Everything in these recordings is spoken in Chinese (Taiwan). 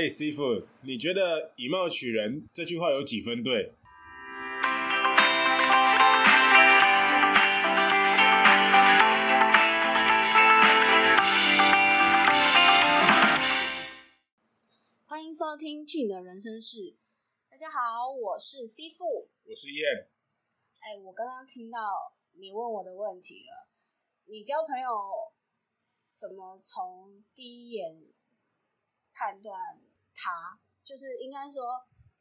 嘿，seafood，你覺得“以貌取人”這句話有幾分對？歡迎收聽《去你的人生事》。大家好，我是 seafood、欸，我是 yen。哎，我剛剛聽到你問我的問題了。你交朋友怎麼從第一眼判斷？他就是應該說，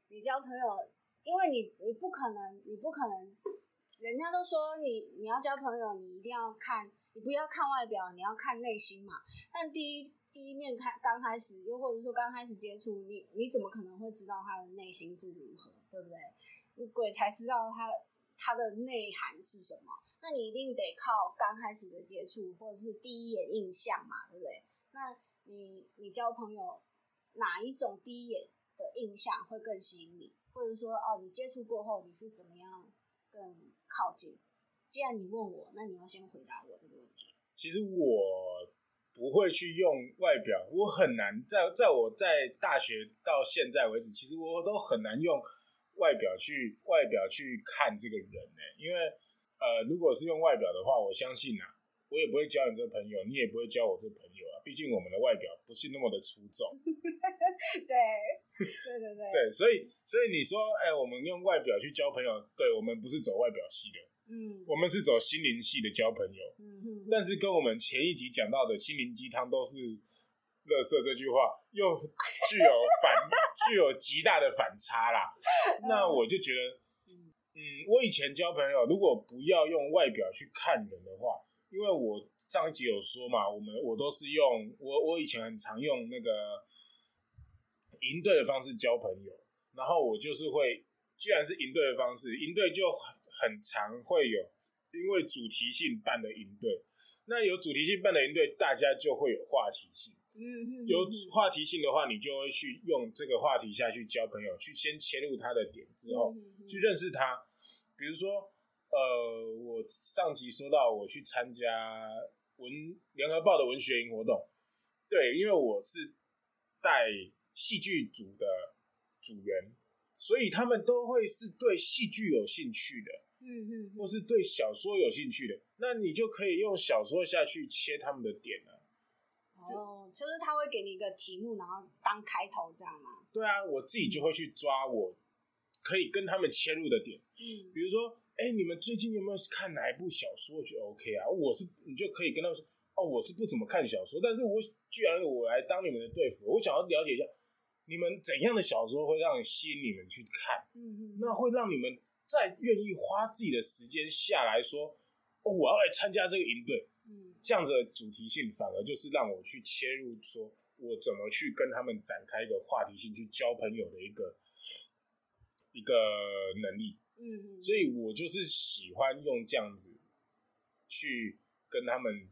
你交朋友，因為你你不可能，你不可能，人家都說你你要交朋友，你一定要看，你不要看外表，你要看內心嘛。但第一第一面看剛開始，又或者說剛開始接觸，你你怎麼可能會知道他的內心是如何，對不對？鬼才知道他他的內涵是什麼？那你一定得靠剛開始的接觸，或者是第一眼印象嘛，對不對？那你你交朋友。哪一種第一眼的印象會更吸引你？或者說，哦，你接觸過後，你是怎麼樣更靠近？既然你問我，那你要先回答我這個問題。其實我不會去用外表，我很難在在我在大學到現在為止，其實我都很難用外表去外表去看這個人呢，欸。因為呃，如果是用外表的話，我相信啊，我也不會交你這個朋友，你也不會交我這個朋友。畢竟我們的外表不是那麼的出眾，對對對對 對，所以所以你說哎、欸，我們用外表去交朋友，對，我們不是走外表系的，嗯，我們是走心靈系的交朋友，嗯哼哼。但是跟我們前一集講到的心靈雞湯都是樂色這句話，又具有反 具有極大的反差啦。嗯、那我就覺得，嗯，我以前交朋友如果不要用外表去看人的話。因為我上一集有說嘛，我們我都是用我我以前很常用那個營隊的方式交朋友，然後我就是會，既然是營隊的方式，營隊就很很常會有，因為主題性辦的營隊，那有主題性辦的營隊，大家就會有話題性，嗯嗯，有話題性的話，你就會去用這個話題下去交朋友，去先切入他的點之後，去認識他，比如說。呃，我上集說到我去參加文，聯合報的文學營活動，對，因為我是帶戲劇組的組員，所以他們都會是對戲劇有興趣的，嗯嗯，或是對小說有興趣的，那你就可以用小說下去切他們的點了。哦，就是他會給你一個題目，然後當開頭這樣嗎？對啊，我自己就會去抓我可以跟他們切入的點，嗯，比如說。哎、欸，你們最近有沒有看哪一部小說？就 OK 啊。我是你就可以跟他們說，哦，我是不怎麼看小說，但是我居然我來當你們的隊服，我想要了解一下，你們怎樣的小說會讓吸引你們去看？嗯嗯，那會讓你們再願意花自己的時間下來說，哦，我要來參加這個營隊。嗯，這樣子的主題性反而就是讓我去切入，說我怎麼去跟他們展開一個話題性去交朋友的一個一個能力。嗯哼，所以我就是喜歡用這樣子去跟他們，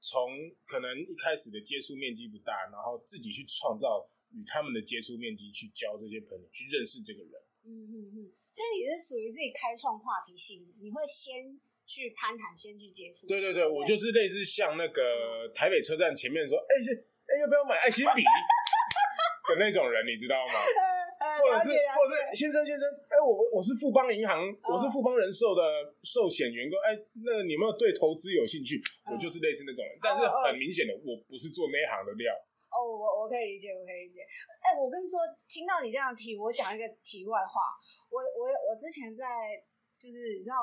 從可能一開始的接觸面積不大，然後自己去創造與他們的接觸面積，去交這些朋友，去認識這個人。嗯嗯嗯，所以你是屬於自己開創話題性，你會先去攀談，先去接觸。對對對，對我就是類似像那個台北車站前面說，哎哎、嗯欸欸、要不要買愛心筆的那種人，你知道嗎？或者是，了解或者是先生了解先生，哎、欸，我我是富邦銀行，哦、我是富邦人壽的壽險員工，哎、欸，那你有沒有對投資有興趣？嗯、我就是類似那種人，但是很明顯的、哦、我不是做那一行的料。哦，我我可以理解，我可以理解。哎、欸，我跟你說，聽到你這樣提，我講一個題外話。我我我之前在，就是你知道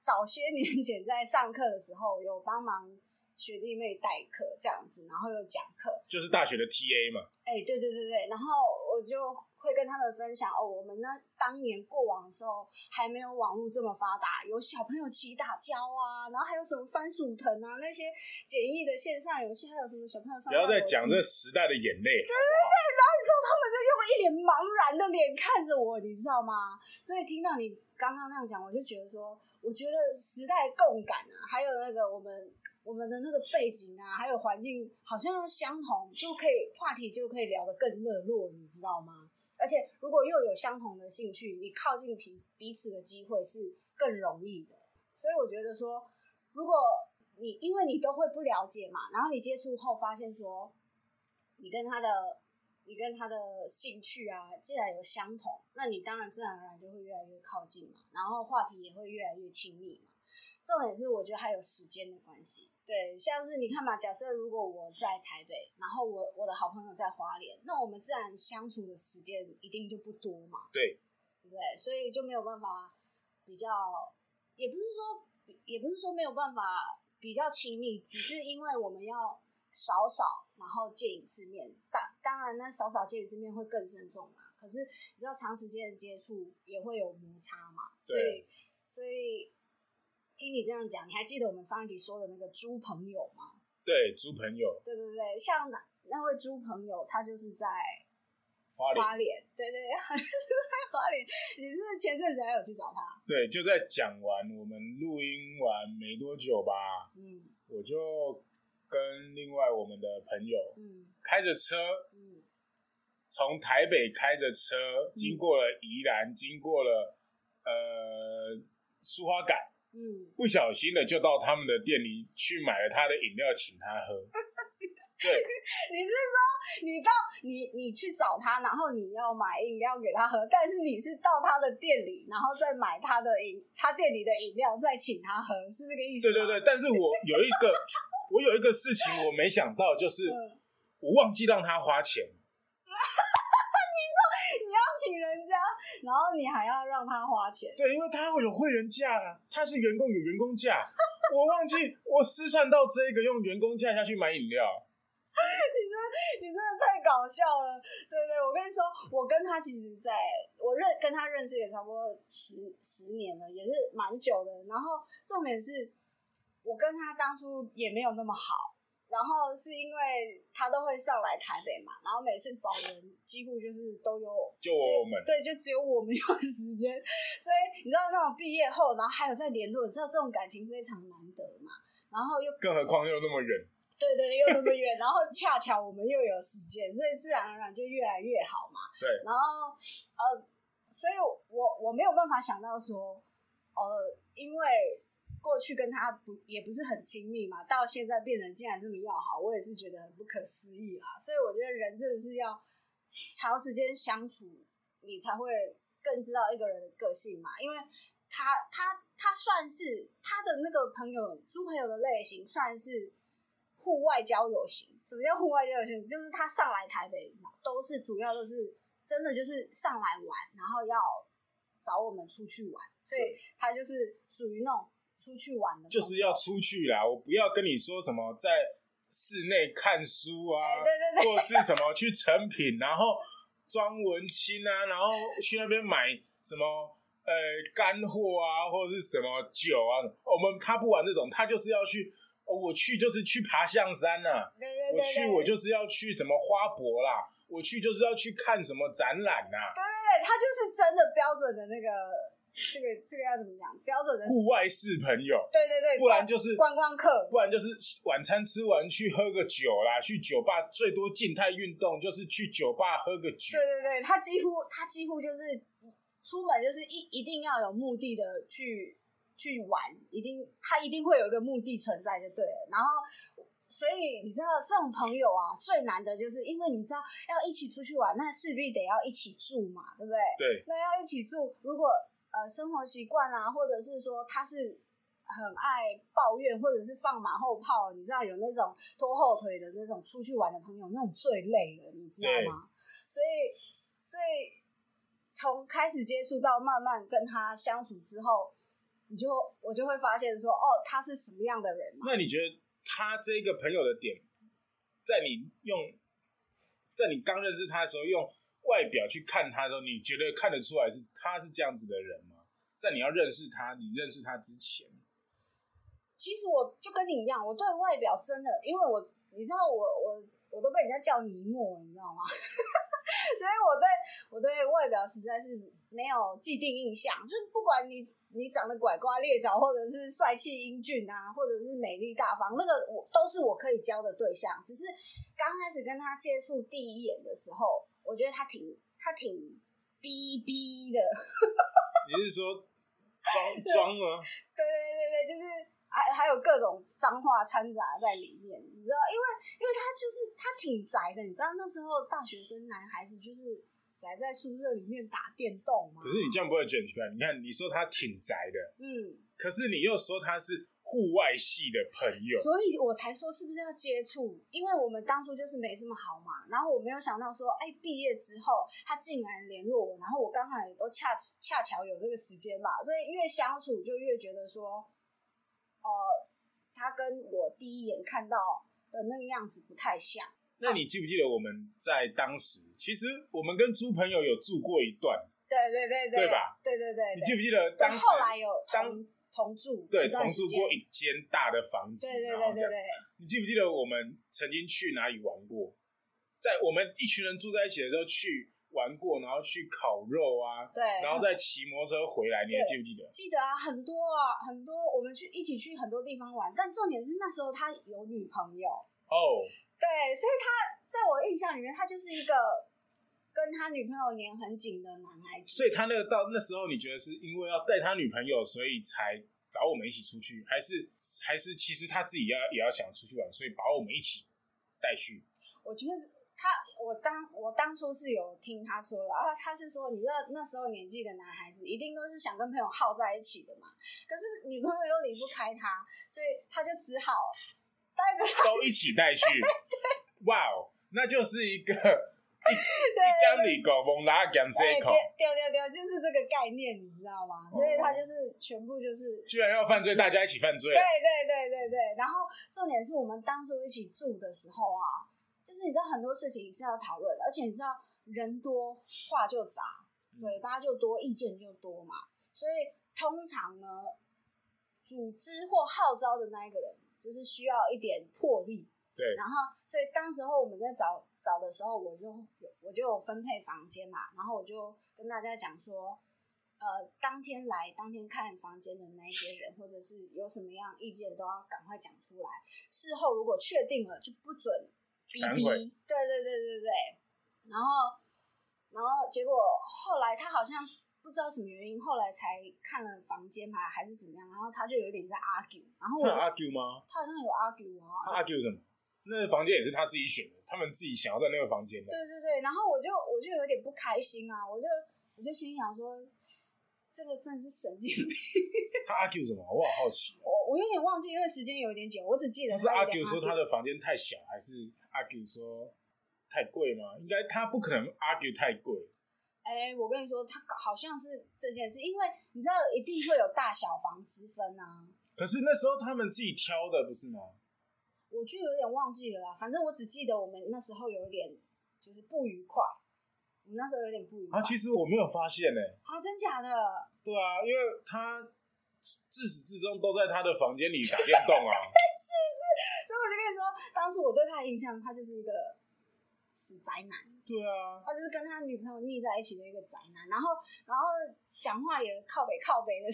早些年前在上課的時候，有幫忙。學弟妹代課這樣子，然後又講課，就是大學的 T A 嘛。哎、欸，對對對對，然後我就會跟他們分享哦，我們那當年過往的時候，還沒有網絡這麼發達，有小朋友齊打交啊，然後還有什麼番薯藤啊那些簡易的線上遊戲，還有什麼小朋友上不要再講這時代的眼淚，對對對，然後你知道他們就用一臉茫然的臉看着我，你知道嗎？所以聽到你剛剛那樣講，我就覺得說，我覺得時代共感啊，還有那個我們。我們的那個背景啊，還有環境好像相同，就可以話題就可以聊得更熱絡，你知道嗎？而且如果又有相同的興趣，你靠近彼彼此的機會是更容易的。所以我覺得說，如果你因為你都會不了解嘛，然後你接觸後發現說，你跟他的你跟他的興趣啊，既然有相同，那你當然自然而然就會越來越靠近嘛，然後話題也會越來越親密嘛。重點是我覺得還有時間的關係。對，像是你看嘛，假設如果我在台北，然後我我的好朋友在花蓮，那我們自然相處的時間一定就不多嘛，對，對不對？所以就沒有辦法比較，也不是說也不是說沒有辦法比較親密，只是因為我們要少少然後見一次面，當當然呢少少見一次面會更慎重嘛。可是你知道長時間的接觸也會有摩擦嘛，所以對所以。所以聽你這樣講，你還記得我們上一集說的那個豬朋友嗎？對，豬朋友，對對對，像那那位豬朋友，他就是在花蓮蓮對，對對，好像是在花蓮。你是不是前陣子還有去找他？對，就在講完我們錄音完沒多久吧，嗯，我就跟另外我們的朋友，嗯，開着車，嗯，從台北開着車，經過了宜蘭，經過了呃蘇花改。嗯，不小心的就到他們的店裡去買了他的飲料，請他喝。對，你是說你到你你去找他，然後你要買飲料給他喝，但是你是到他的店裡，然後再買他的飲他店裡的飲料，再請他喝，是這個意思？對對對，但是我有一個我有一個事情我沒想到，就是我忘記讓他花錢。請人家，然後你還要讓他花錢。對，因為他會有會員價啊，他是員工有員工價。 我忘記我失算到這個用員工價下去買飲料。 你真，你真的太搞笑了。對不對，我跟你說，我跟他其實在我認跟他認識也差不多十十年了，也是蠻久的。然後重點是，我跟他當初也沒有那麼好。然後是因為他都會上來台北嘛，然後每次找人幾乎就是都有就我們，對，就只有我們有時間，所以你知道那種畢業後，然後還有在聯絡，知道這種感情非常難得嘛。然後又更何況又那麼遠，對對，又那麼遠， 然後恰巧我們又有時間，所以自然而然就越來越好嘛。對，然後呃，所以我我沒有辦法想到說，呃，因為。過去跟他不也不是很親密嘛，到現在變成竟然這麼要好，我也是覺得很不可思議啊。所以我覺得人真的是要長時間相處，你才會更知道一個人的個性嘛。因為他他他算是他的那個朋友，豬朋友的類型算是戶外交友型。什麼叫戶外交友型？就是他上來台北嘛，都是主要都是真的就是上來玩，然後要找我們出去玩，所以他就是屬於那種。出去玩，就是要出去啦！我不要跟你說什麼在室內看書啊，對對對，對，或者是什麼去誠品，然後裝文青啊，然後去那邊買什麼呃乾貨啊，或者是什麼酒啊。我們他不玩這種，他就是要去。我去就是去爬象山啊。對對對，對，我去我就是要去什麼花博啦，我去就是要去看什麼展覽啊。對對對，他就是真的標準的那個。這個這個要怎麼講？標準的是戶外式朋友，對對對，不然就是觀、觀光客，不然就是晚餐吃完去喝個酒啦，去酒吧最多靜態運動就是去酒吧喝個酒。對對對，他幾乎，他幾乎就是出門就是一一定要有目的的去去玩，一定，他一定會有一個目的存在就對了。然後，所以你知道這種朋友啊，最難的就是因為你知道要一起出去玩，那勢必得要一起住嘛，對不對？對，那要一起住，如果呃，生活習慣啊，或者是說他是很愛抱怨，或者是放馬後炮，你知道有那種拖後腿的那種出去玩的朋友，那種最累的，你知道嗎？對 所以，所以從開始接觸到慢慢跟他相處之後，你就我就會發現說，哦，他是什麼樣的人。那你覺得他這個朋友的點，在你用，在你剛認識他的時候用？外表去看他的時候，你覺得看得出來是他是這樣子的人嗎？在你要認識他，你認識他之前，其實我就跟你一樣，我對外表真的，因為我你知道我，我我我都被人家叫尼莫，你知道嗎？ 所以我對我對外表實在是沒有既定印象，就是不管你你長得拐瓜裂棗，或者是帥氣英俊啊，或者是美麗大方，那個我都是我可以交的對象。只是剛開始跟他接觸第一眼的時候。我覺得他挺他挺逼逼的，你是說裝裝嗎？ 對對對對，就是還還有各種髒話摻雜在裡面，你知道，因為因為他就是他挺宅的，你知道那時候大學生男孩子就是宅在宿舍裡面打電動嗎？可是你這樣不會捲起來，你看你說他挺宅的，嗯，可是你又說他是。戶外系的朋友，所以我才說是不是要接觸？因為我們當初就是沒這麼好嘛。然後我沒有想到說，哎、欸，畢業之後他竟然聯絡我，然後我剛好也都恰恰巧有這個時間嘛。所以越相處就越覺得說、呃，他跟我第一眼看到的那個樣子不太像。啊、那你記不記得我們在當時，其實我們跟豬朋友有住過一段？對對對對，對吧？對對，對對對，你記不記得當時？同住對，同住過一間大的房子，對對對對對，對，對，對。你記不記得我們曾經去哪裡玩過？在我們一群人住在一起的時候去玩過，然後去烤肉啊，對，然後再騎摩托車回來，你還記不記得？記得啊，很多啊，很多。我們去一起去很多地方玩，但重點是那時候他有女朋友哦，oh. 對，所以他在我印象裡面，他就是一個。跟他女朋友黏很緊的男孩子，所以他那個到那時候，你覺得是因為要帶他女朋友，所以才找我們一起出去，還是還是其實他自己要也要想出去玩，所以把我們一起帶去？我覺得他我當我當初是有聽他說了，然後他是說，你知道那時候年紀的男孩子，一定都是想跟朋友耗在一起的嘛，可是女朋友又離不開他，所以他就只好帶着他都一起帶去。對，哇哦，那就是一個。一缸裡搞崩，拉缸塞口，掉掉掉，就是這個概念，你知道嗎？所以他就是全部就是，居然要犯罪，大家一起犯罪，對對對對對。然後重點是我們當初一起住的時候啊，就是你知道很多事情是要討論，而且你知道人多話就雜，尾巴就多，意見就多嘛。所以通常呢，組織或號召的那一個人就是需要一點魄力。對，然後所以當時候我們在找。早的時候我就我就有分配房間嘛，然後我就跟大家講說，呃，當天來當天看房間的那些人，或者是有什麼樣意見，都要趕快講出來。事後如果確定了，就不准逼逼。慧對對對對對。然後然後結果後來他好像不知道什麼原因，後來才看了房間嘛，還是怎麼樣，然後他就有點在 argue。然後他有 argue 嗎？他好像有 argue 啊。argue 什麼？那個房間也是他自己選的，他們自己想要在那個房間的。對對對，然後我就我就有點不開心啊，我就我就心想說，這個真的是神經病。 他 argue 什麼啊？我好好奇啊。我我有點忘記，因為時間有點久，我只記得他是 argue 說他的房間太小，還是 argue 說太貴嗎？應該他不可能 argue 太貴。哎，我跟你說，他好像是這件事，因為你知道一定會有大小房之分啊。可是那時候他們自己挑的，不是嗎？我就有點忘記了啦，反正我只記得我們那時候有點就是不愉快，我們那時候有點不愉快。啊，其實我沒有發現呢、欸。啊，真假的？對啊，因為他自始至終都在他的房間裡打電動啊。對， 是是？所以我就跟你說，當時我對他的印象，他就是一個死宅男。對啊，他就是跟他女朋友膩在一起的一個宅男，然後然後講話也靠北靠北的。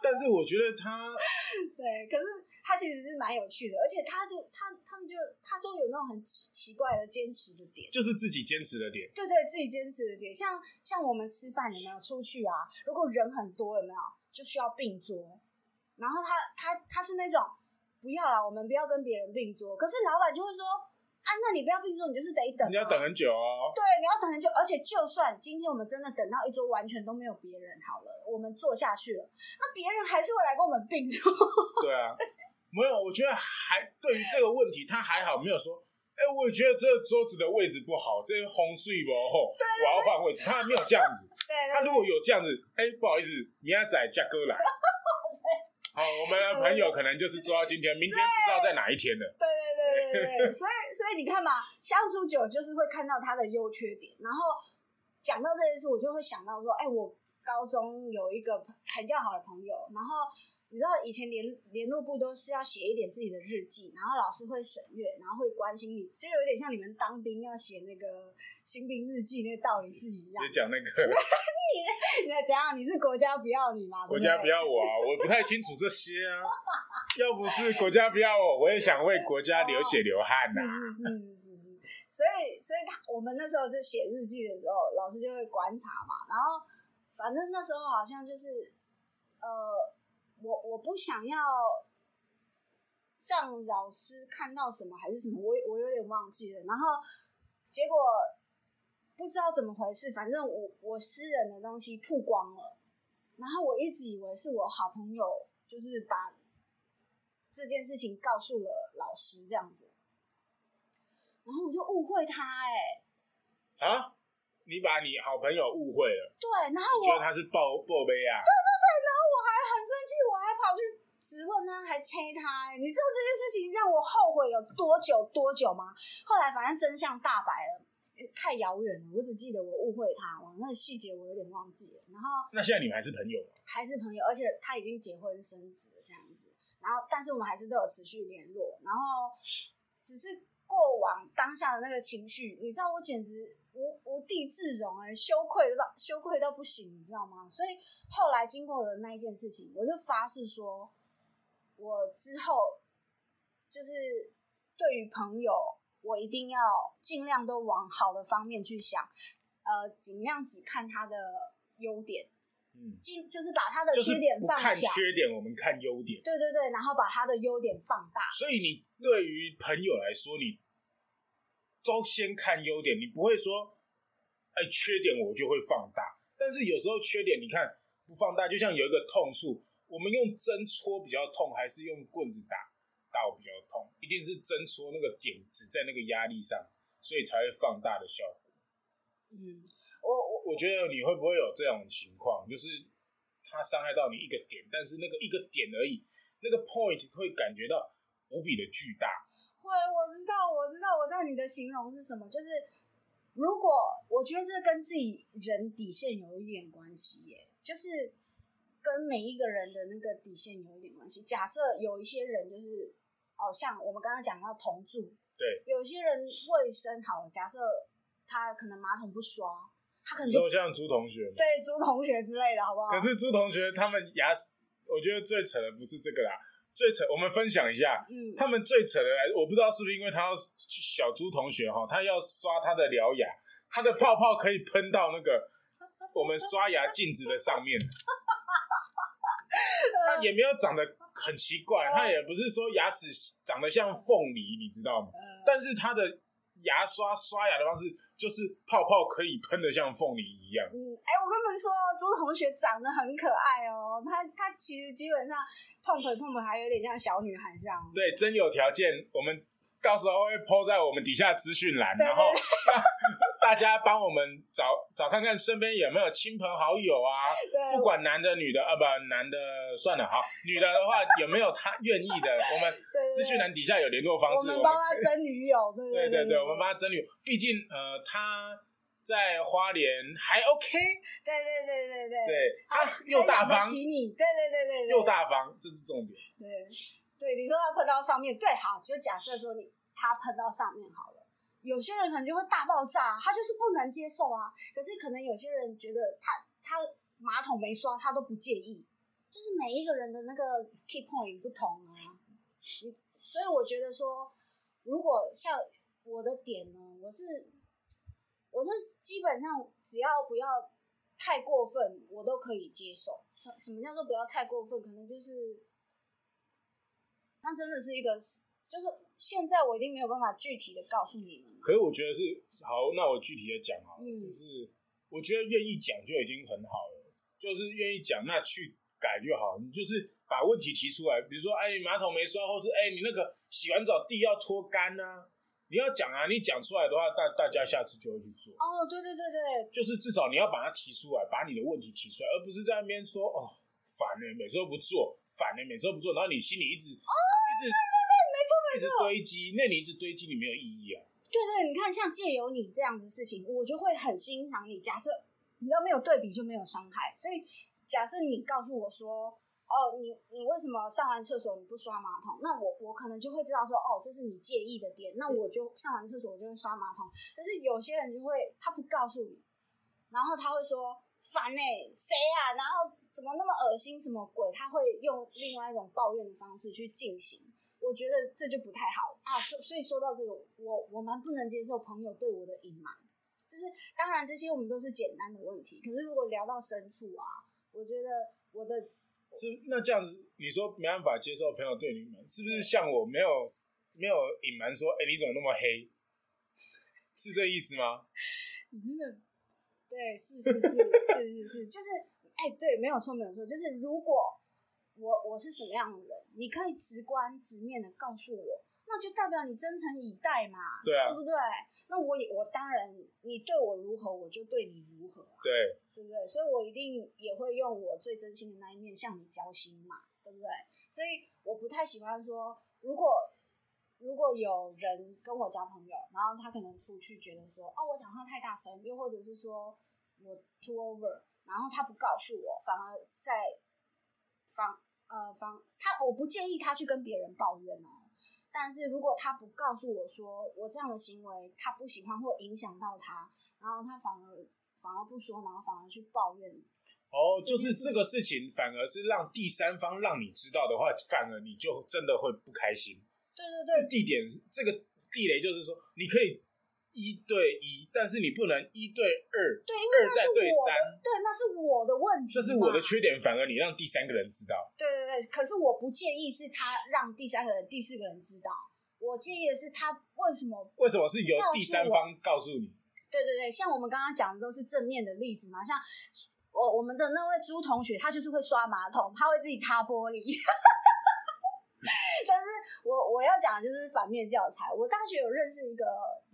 但是我覺得他， 對，可是。他其實是蠻有趣的，而且他就他他們就他都有那種很奇奇怪的堅持的點，就是自己堅持的點。對，對對，自己堅持的點。像像我們吃飯有沒有出去啊？如果人很多有沒有就需要併桌？然後他他他是那種不要了，我們不要跟別人併桌。可是老闆就會說啊，那你不要併桌，你就是得等喔。你要等很久哦。對，你要等很久。而且就算今天我們真的等到一桌完全都沒有別人，好了，我們坐下去了，那別人還是會來跟我們併桌。對啊。沒有，我覺得還對於這個問題，他還好沒有說。哎、欸，我也覺得這個桌子的位置不好，這風水不好，對對對，我要換位置。他沒有這樣子。他 對對 如果有這樣子，哎、欸，不好意思，你要仔加哥來。 好，我們的朋友可能就是做到今天，明天不知道在哪一天了。對對對對對對。 所以，所以你看嘛，相處久就是會看到他的優缺點。然後講到這件事，我就會想到說，哎、欸，我高中有一個很要好的朋友，然後。你知道以前聯聯絡簿都是要寫一點自己的日記，然後老師會審閱，然後會關心你，所以有點像你們當兵要寫那個新兵日記，那道理是一樣講 你。你講那個，你你怎樣？你是國家不要你嗎？國家不要我啊！ 我不太清楚這些啊。 要不是國家不要我，我也想為國家流血流汗吶、啊。是是是是是，所以所以他我們那時候就寫日記的時候，老師就會觀察嘛。然後反正那時候好像就是呃。我我不想要讓老師看到什麼還是什麼，我我有點忘記了。然後結果不知道怎麼回事，反正我我私人的東西曝光了。然後我一直以為是我好朋友，就是把這件事情告訴了老師，這樣子。然後我就誤會他。欸，哎，啊，你把你好朋友誤會了？對，然後我覺得他是報報背啊？對，對。我還跑去質問他啊，還催他欸。你知道這件事情讓我後悔有多久多久嗎？後來反正真相大白了，太遙遠了。我只記得我誤會他了，那個細節我有點忘記了。然後，那現在你們還是朋友嗎？還是朋友，而且他已經結婚生子這樣子。然後，但是我們還是都有持續聯絡。然後，只是過往當下的那個情緒，你知道，我簡直。無無地自容哎、欸，羞愧到羞愧到不行，你知道嗎？所以後來經過了那一件事情，我就發誓說，我之後就是對於朋友，我一定要盡量都往好的方面去想，呃，盡量只看他的優點，嗯，盡就是把他的缺點放，不看缺點，我們看優點，對對對，然後把他的優點放大。所以你對於朋友來說，你。都先看優點，你不會說，哎，缺點我就會放大。但是有時候缺點你看不放大，就像有一個痛處，我們用針戳比較痛，還是用棍子打打我比較痛？一定是針戳那個點，只在那個壓力上，所以才會放大的效果。嗯，我我我覺得你會不會有這種情況？就是他傷害到你一個點，但是那個一個點而已，那個 point 會感覺到無比的巨大。會，我知道，我知道，我知道你的形容是什麼，就是如果我覺得這跟自己人底線有一點關係耶，就是跟每一個人的那個底線有一點關係。假設有一些人就是，好、哦、像我們剛剛講到同住，對，有些人衛生好，假設他可能馬桶不刷，他可能就像豬同學，對，豬同學之類的好不好？可是豬同學他們牙，我覺得最扯的不是這個啦。最扯，我們分享一下，嗯，他們最扯的來，我不知道是不是因為他要小豬同學哈，他要刷他的獠牙，他的泡泡可以噴到那個我們刷牙鏡子的上面，他也沒有長得很奇怪，他也不是說牙齒長得像鳳梨，你知道嗎？但是他的。牙刷刷牙的方式就是泡泡可以噴的像鳳梨一樣。嗯，哎、欸，我跟你們說，朱同學長得很可愛哦、喔，他他其實基本上碰碰碰碰還有點像小女孩這樣。對，真有條件，我們。到時候會 PO 在我們底下資訊欄，然後大大家幫我們找找看看身邊有沒有親朋好友啊，不管男的女的呃、啊、不男的算了，哈女的的話有沒有她願意的？我們資訊欄底下有聯絡方式，對對對，我們幫他徵女友，對對對對我們幫他徵女友，畢竟呃他在花蓮還 OK，對對對對對，對他又大方，對對對對對又，又大方，這是重點，對，對，對。對，你說他碰到上面，對，好，就假設說你他碰到上面好了。有些人可能就會大爆炸，他就是不能接受啊。可是可能有些人覺得他他馬桶沒刷他都不介意，就是每一個人的那個 key point 不同啊。所以我覺得說，如果像我的點呢，我是我是基本上只要不要太過分，我都可以接受。什什麼叫做不要太過分？可能就是。那真的是一個，就是現在我一定沒有辦法具體的告訴你們。可是我覺得是好，那我具體的講啊，就、嗯、是我覺得願意講就已經很好了。就是願意講，那去改就好。你就是把問題提出來，比如說哎、欸，馬桶沒刷，或是哎、欸，你那個洗完澡地要拖乾呢，你要講啊。你講出來的話，大大家下次就會去做。哦，對對對對，就是至少你要把它提出來，把你的問題提出來，而不是在那邊說哦。煩嘞，每次都不做，煩嘞，每次都不做，然後你心裡一直哦，對對對，沒錯，沒錯，一直堆積，那你一直堆積，你沒有意義啊。對對，你看，像借由你這樣子事情，我就會很欣賞你。假設你都沒有對比就沒有傷害，所以假設你告訴我說，哦，你你為什麼上完廁所你不刷馬桶？那我我可能就會知道說，哦，這是你介意的點。那我就上完廁所我就會刷馬桶。可是有些人就會他不告訴你，然後他會說。煩呢，誰、欸、啊？然後怎麼那麼惡心，什麼鬼？他會用另外一種抱怨的方式去進行，我覺得這就不太好啊。所以所以說到這個，我我蠻不能接受朋友對我的隱瞞，就是當然這些我們都是簡單的問題，可是如果聊到深處啊，我覺得我的我是那這樣子，你說沒辦法接受朋友對你們，是不是像我沒有沒有隱瞞說，哎、欸，你怎麼那麼黑？是這意思嗎？ 你真的。對，是是是是是是，就是，哎、欸，對，沒有錯，沒有錯，就是如果我我是什麼樣的人，你可以直觀直面的告訴我，那就代表你真誠以待嘛，對啊，對不對？那我也我當然你，你對我如何，我就對你如何啊，對，對不對？所以，我一定也會用我最真心的那一面向你交心嘛，對不對？所以，我不太喜歡說，如果如果有人跟我交朋友，然後他可能出去覺得說，哦、啊，我講話太大聲，又或者是說，我 over, 然後他不告訴我，反而在反呃反他我不建議他去跟別人抱怨哦，但是如果他不告訴我說我這樣的行為他不喜歡或影響到他，然後他反而反而不說，然後反而去抱怨你哦，oh, 是就是這個事情反而是讓第三方讓你知道的話，反而你就真的會不開心。對對對，地點這個地雷就是說你可以。一對一，但是你不能一對二，對，因為二再對三，對，那是我的問題，這是我的缺點。反而你讓第三個人知道，對對對。可是我不介意是他讓第三個人、第四個人知道，我介意的是他為什麼？為什麼是由第三方告訴你？對對對，像我們剛剛講的都是正面的例子嘛，像我我們的那位朱同學，他就是會刷馬桶，他會自己擦玻璃。 但是我我要講的就是反面教材。我大學有認識一個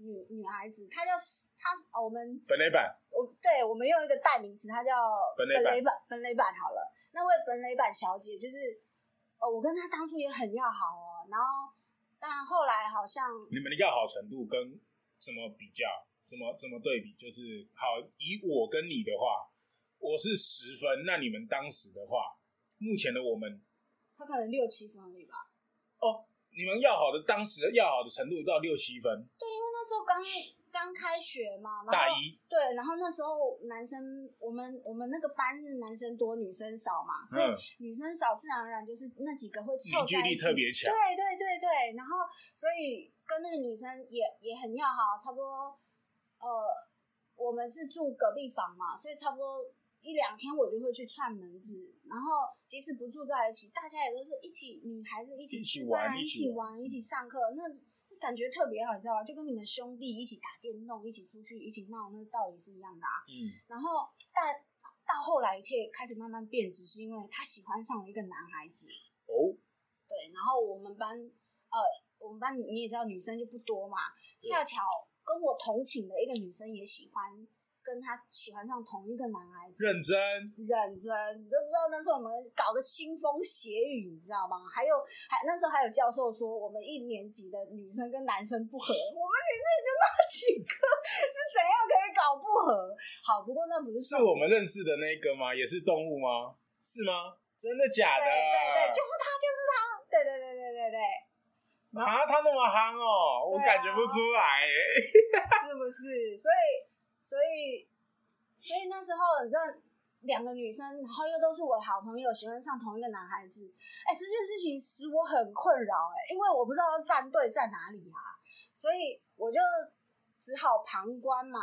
女女孩子，她叫她、喔、我們本壘板。我對，我們用一個代名詞，她叫本壘板，本壘板好了。那位本壘板小姐，就是哦、喔，我跟她當初也很要好哦、喔。然後，但後來好像你們的要好程度跟怎麼比較，怎麼怎麼對比，就是好。以我跟你的話，我是十分。那你們當時的話，目前的我們。他可能六七分而已吧。哦，oh, 你們要好的當時要好的程度到六七分。對，因為那時候剛剛開學嘛。然後大一。對，然後那時候男生，我們我們那個班是男生多，女生少嘛，所以女生少，嗯、自然而然就是那幾個會湊在一起。凝聚力特別強。對對對對，然後所以跟那個女生也也很要好，差不多呃，我們是住隔壁房嘛，所以差不多。一兩天我就會去串門子，然後即使不住在一起，大家也都是一起女孩子一起去玩，一起玩，一起玩，一起上課，那感覺特別好，你知道吧？就跟你們兄弟一起打電動，一起出去，一起鬧，那個道理是一樣的啊。嗯。然後，但到後來，一切開始慢慢變質，是因為她喜歡上了一個男孩子。哦。對，然後我們班，呃，我們班你，你也知道，女生就不多嘛，恰對巧跟我同寢的一個女生也喜歡。跟他喜歡上同一個男孩子，認真，認真，你都不知道那時候我們搞得腥風血雨，你知道嗎？還有，還那時候還有教授說我們一年級的女生跟男生不合，我們女生也就那幾個是怎樣可以搞不合？好，不過那不是是我們認識的那個嗎？也是動物嗎？是嗎？真的假的？對對對，就是他，就是他，對對對對對對。啊，他那麼憨哦、喔、啊、我感覺不出來、欸，是不是？所以。所以，所以那時候你知道，兩個女生，然後又都是我的好朋友，喜歡上同一個男孩子，哎、欸，這件事情使我很困擾，哎，因為我不知道站隊在哪裡啊，所以我就只好旁觀嘛。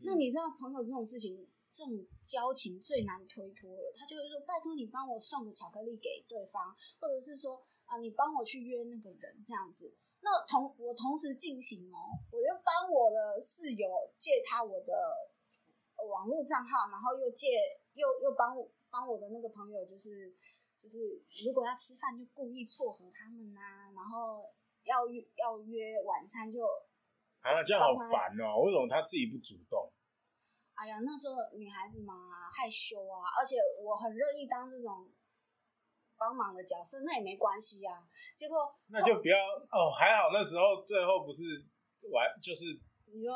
嗯、那你知道，朋友這種事情，這種交情最難推脫了。他就會說：“拜託你幫我送個巧克力給對方，或者是說啊，你幫我去約那個人這樣子。”那同我同時進行哦。我幫我的室友借他我的網絡賬號，然後又借又又幫幫我，我的那個朋友，就是就是如果要吃飯就故意撮合他們吶啊，然後要約要約晚餐就啊，這樣好煩哦！為什麼他自己不主動？哎呀，那時候女孩子嘛，害羞啊，而且我很樂意當這種幫忙的角色，那也沒關係呀。結果那就不要哦，還好那時候最後不是。完就是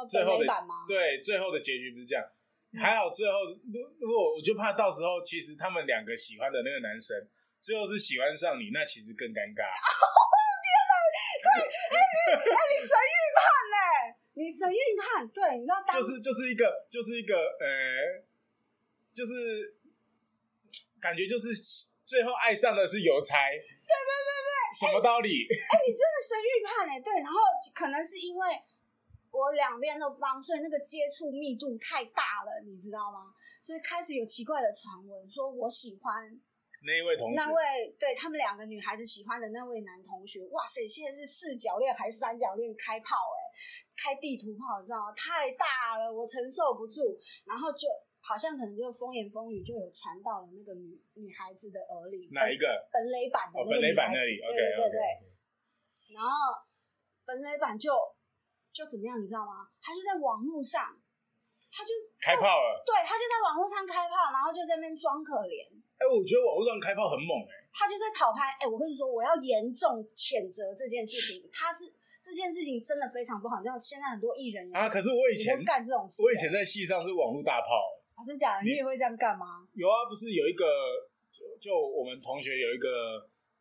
最後的你知道版嗎？對，最後的結局不是這樣，還好最後如如果，我就怕到時候其實他們兩個喜歡的那個男生最後是喜歡上你，那其實更尷尬。 天哪對，哎、欸、你哎、欸、你神預判哎你神預判，對，你知道你就是就是一個就是一個呃，就是感覺就是最後愛上的是有才對欸、什麼道理？哎、欸，你真的是預判哎，對，然後可能是因為我兩邊都幫，所以那個接觸密度太大了，你知道嗎？所以開始有奇怪的傳聞，說我喜歡那位，那一位同學？那位對他們兩個女孩子喜歡的那位男同學，哇塞，現在是四角戀還是三角戀？開炮哎、欸，開地圖炮，你知道嗎？太大了，我承受不住，然後就。好像可能就風言風語，就有傳到了那個女女孩子的耳裡。哪一個？本壘版的那 o k、哦、對，對，對對。Okay, okay, okay. 然後本壘版就就怎麼樣，你知道嗎？他就在網絡上，他就開炮了。對，他就在網絡上開炮，然後就在那邊裝可憐。哎、欸，我覺得網絡上開炮很猛哎、欸。他就在討拍哎、欸，我跟你說，我要嚴重譴責這件事情。 他是這件事情真的非常不好，像現在很多藝人有沒有啊。可是我以前我幹這種事、啊，我以前在戲上是網絡大炮。真的、啊、假的？你，你也會這樣幹嗎？有啊，不是有一個就，就我們同學有一個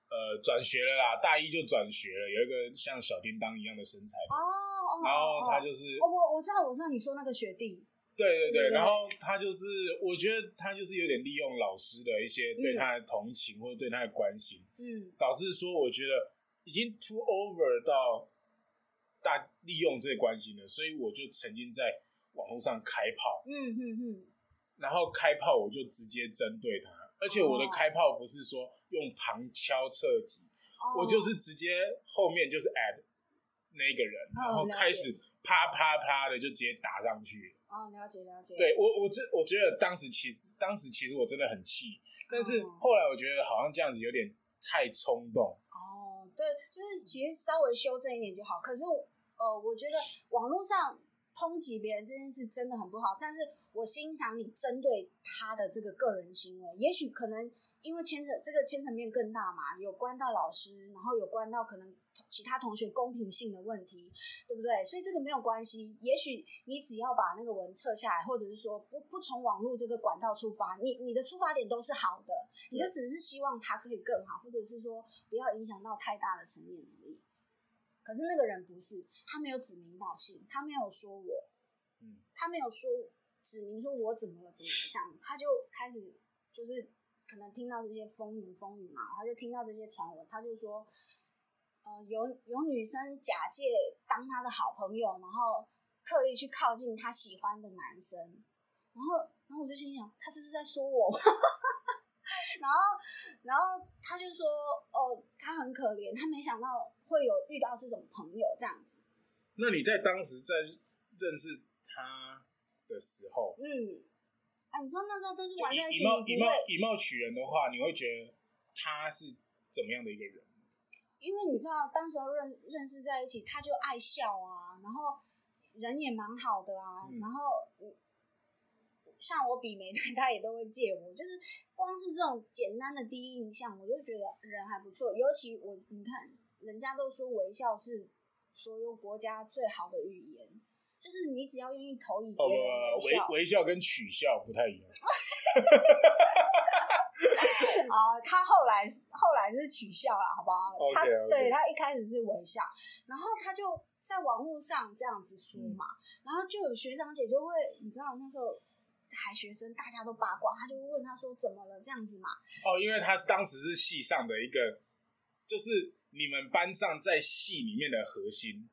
呃轉學了啦，大一就轉學了，有一個像小叮噹一樣的身材哦，然後他就是我、哦哦哦、我知道我知道你說那個學弟，對對對，對對對，然後他就是我覺得他就是有點利用老師的一些、嗯、對他的同情或者對他的關心，嗯，導致說我覺得已經 too over 到大利用這個關心了，所以我就曾經在網絡上開炮、嗯，嗯嗯嗯。然後開炮，我就直接針對他，而且我的開炮不是說用旁敲側擊，哦、我就是直接後面就是 at 那個人，哦、然後開始啪啪啪的就直接打上去。哦，了解了解。對，我，我這我覺得當時其實當時其實我真的很氣，但是後來我覺得好像這樣子有點太衝動。哦，對，就是其實稍微修正一點就好。可是、呃、我覺得網絡上。抨擊別人這件事真的很不好，但是我欣賞你針對他的這個個人行為，也許可能因為牽扯這個牽扯面更大嘛，有關到老師，然後有關到可能其他同學公平性的問題，對不對？所以這個沒有關係，也許你只要把那個文撤下來，或者是說不不從網絡這個管道出發，你你的出發點都是好的，你就只是希望他可以更好，或者是說不要影響到太大的層面。可是那個人不是，他沒有指名道姓，他沒有說我，嗯，他沒有說指明說我怎麼怎麼這樣，他就開始就是可能聽到這些風言風語嘛，他就聽到這些傳聞，他就說，呃，有有女生假借當他的好朋友，然後刻意去靠近他喜歡的男生，然後然後我就心想，他這是在說我嗎？ 然後，然後他就說：“哦，他很可憐，他沒想到會有遇到這種朋友這樣子。”那你在當時在認識他的時候，嗯，啊，你知道那時候都是玩在一起，以貌以貌以貌取人的話，你會覺得他是怎麼樣的一個人？因為你知道，當時候認認識在一起，他就愛笑啊，然後人也蠻好的啊，嗯，然後。像我筆沒帶他也都會借我。就是光是這種簡單的第一印象，我就覺得人還不錯。尤其我，你看人家都說微笑是所有國家最好的語言，就是你只要願意投一哦不，oh, about 微微笑跟取笑不太一樣。 啊，他後來後來是取笑了，好不好？他 okay, okay. 對，他一開始是微笑，然後他就在網絡上這樣子說嘛，嗯、然後就有學長姐就會，你知道那時候。還學生，大家都八卦，他就會問他說：“怎麼了？這樣子嘛？”哦，因為他是當時是系上的一個，就是你們班上在系裡面的核心，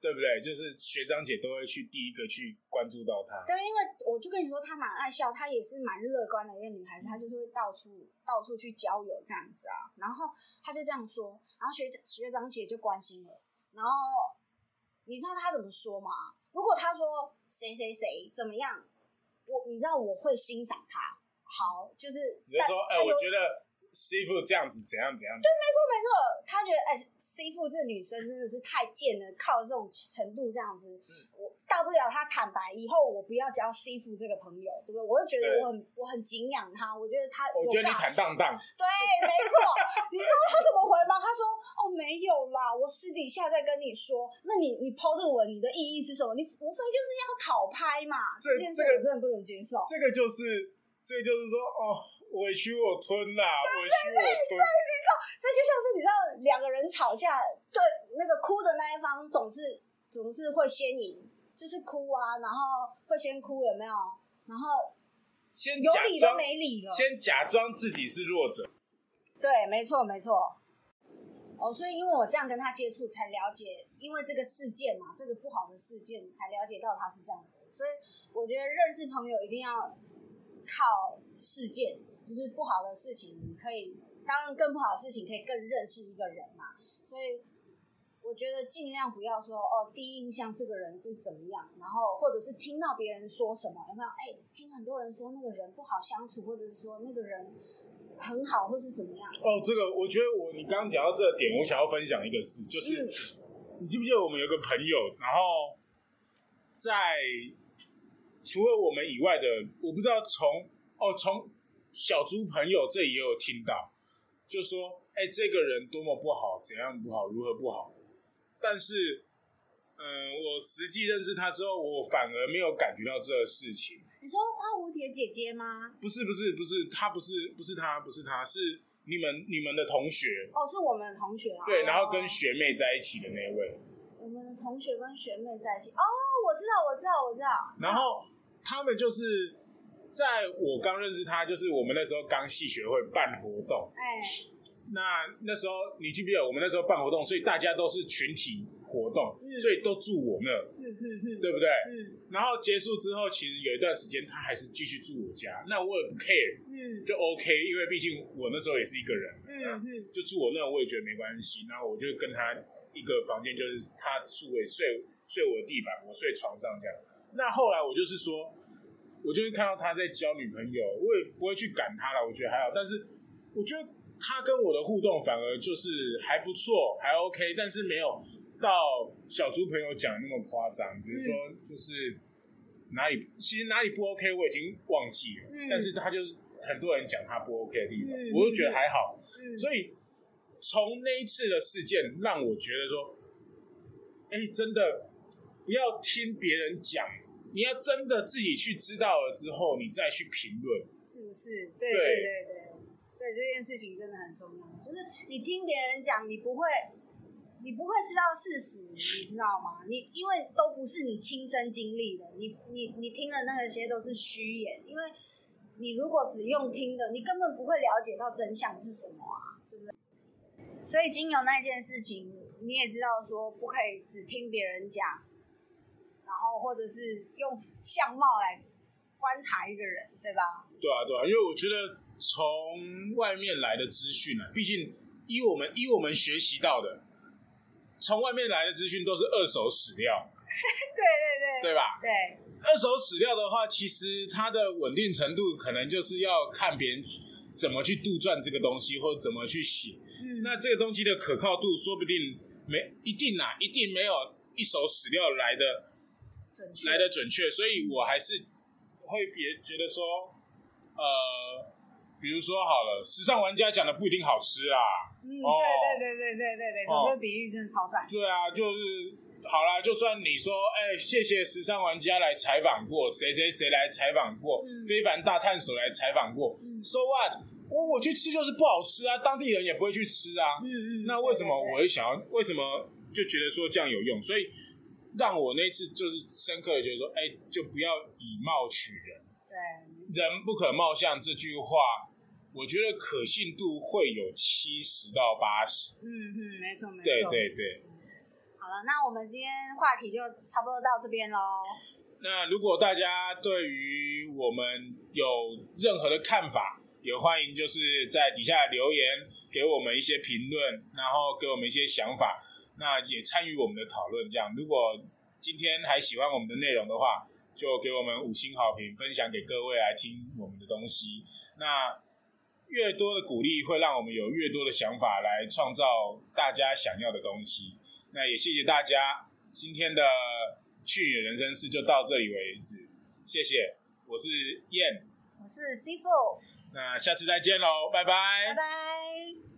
對不對？就是學長姐都會去第一個去關注到他。對，因為我就跟你說，他蠻愛笑，他也是蠻樂觀的一個女孩子，嗯、他就是會到處到處去交友這樣子啊。然後他就這樣說，然後學長學長姐就關心了。然後你知道他怎麼說嗎？如果他說誰誰誰怎麼樣？我你知道我會欣賞他，好就是。你就說，哎，我覺得 C 傅這樣子怎樣怎樣。對，沒錯沒錯，他覺得哎，C 傅這女生真的是太賤了，靠這種程度這樣子，嗯、我大不了他坦白，以後我不要交 C 傅這個朋友，對不對？我就覺得我很對我很敬仰他，我覺得他。我覺得你坦蕩蕩。對，沒錯， 你知道他怎麼回嗎？他說。哦，沒有啦，我私底下在跟你說，那你你 po 這個文，你的意義是什麼？你無非就是要討拍嘛，對這件事，這個，真的不能接受。這個就是，這個就是說，哦，委屈我吞啦，委屈我，我吞，你這就像是你知道，兩個人吵架，對那個哭的那一方總是總是會先贏，就是哭啊，然後會先哭，有沒有？然後先有理都沒理了，先假裝自己是弱者，對，沒錯，沒錯。哦，所以因為我這樣跟他接觸，才了解，因為這個事件嘛，這個不好的事件，才了解到他是這樣的。所以我覺得認識朋友一定要靠事件，就是不好的事情你可以，當然更不好的事情可以更認識一個人嘛。所以我覺得盡量不要說哦，第一印象這個人是怎麼樣，然後或者是聽到別人說什麼有沒有？哎，聽很多人說那個人不好相處，或者是說那個人。很好，或是怎麼樣？哦，這個我覺得我你剛剛講到這個點，嗯、我想要分享一個事，就是、嗯、你記不記得我們有個朋友，然後在除了我們以外的，我不知道從哦從小豬朋友這裡也有聽到，就說哎、欸、這個人多麼不好，怎樣不好，如何不好，但是嗯、呃，我實際認識他之後，我反而沒有感覺到這個事情。你說花蝴蝶姐姐嗎？不是不是不是，她不是不是她不是她，是你們你們的同學哦。是我們的同學啊，對，然後跟學妹在一起的那一位。我們的同學跟學妹在一起哦，我知道我知道我知道。知道知道，然後他們就是在我剛認識他，就是我們那時候剛系學會辦活動，哎，那那時候你記不記得我們那時候辦活動，所以大家都是群體。活動，所以都住我那，嗯嗯嗯，對不對？嗯，然後結束之後，其實有一段時間他還是繼續住我家，那我也不 care，嗯就 OK，因為畢竟我那時候也是一個人，嗯嗯，就住我那我也覺得沒關係。然後我就跟他一個房間，就是他住位睡睡我的地板，我睡床上這樣。那後來我就是說，我就是看到他在交女朋友，我也不會去趕他了，我覺得還好。但是我覺得他跟我的互動反而就是還不錯，還 OK，但是沒有。到小豬朋友講那麼誇張，比如說就是哪裡、嗯、其實哪裡不 OK，我已經忘記了。嗯、但是他就是很多人講他不 OK 的地方，嗯、我就覺得還好。嗯、所以從那一次的事件，讓我覺得說，哎、欸，真的不要聽別人講，你要真的自己去知道了之後，你再去評論，是不是？對，對對對對，所以這件事情真的很重要，就是你聽別人講，你不會。你不會知道事實，你知道嗎？你因為都不是你親身經歷的，你你你聽的那個些都是虛言，因為你如果只用聽的，你根本不會了解到真相是什麼啊，對不對？所以經由那件事情，你也知道說不可以只聽別人講，然後或者是用相貌來觀察一個人，對吧？對啊，對啊，因為我覺得從外面來的資訊呢，畢竟依我們依我們學習到的。從外面來的資訊都是二手史料， 對對對，對吧？對，二手史料的話，其實它的穩定程度可能就是要看別人怎麼去杜撰這個東西，或怎麼去寫。嗯，那這個東西的可靠度說不定沒一定啊，一定沒有一手史料來的準確，來的準確。所以我還是會別覺得說，呃，比如說好了，時尚玩家講的不一定好吃啊。嗯，對對對對對對對，整個、哦、比喻真的超讚、哦。對啊，就是好啦，就算你說，哎、欸，謝謝食尚玩家來採訪過，誰誰誰來採訪過，嗯、非凡大探索來採訪過、嗯、，so what？我我去吃就是不好吃啊，當地人也不會去吃啊。嗯嗯。那為什麼對對對我會想要？為什麼就覺得說這樣有用？所以讓我那次就是深刻的覺得說，哎、欸，就不要以貌取人。對。人不可貌相這句話。我覺得可信度會有七十到八十。嗯哼，沒錯沒錯。對對對。好了，那我們今天話題就差不多到這邊嘍。那如果大家對於我們有任何的看法，也歡迎就是在底下留言給我們一些評論，然後給我們一些想法，那也參與我們的討論。這樣，如果今天還喜歡我們的內容的話，就給我們五星好評，分享給各位來聽我們的東西。那。越多的鼓勵，會讓我們有越多的想法來創造大家想要的東西。那也謝謝大家，今天的《去野人生事》就到這裡為止。謝謝，我是燕，我是 seafood。那下次再見嘍，拜拜，拜拜。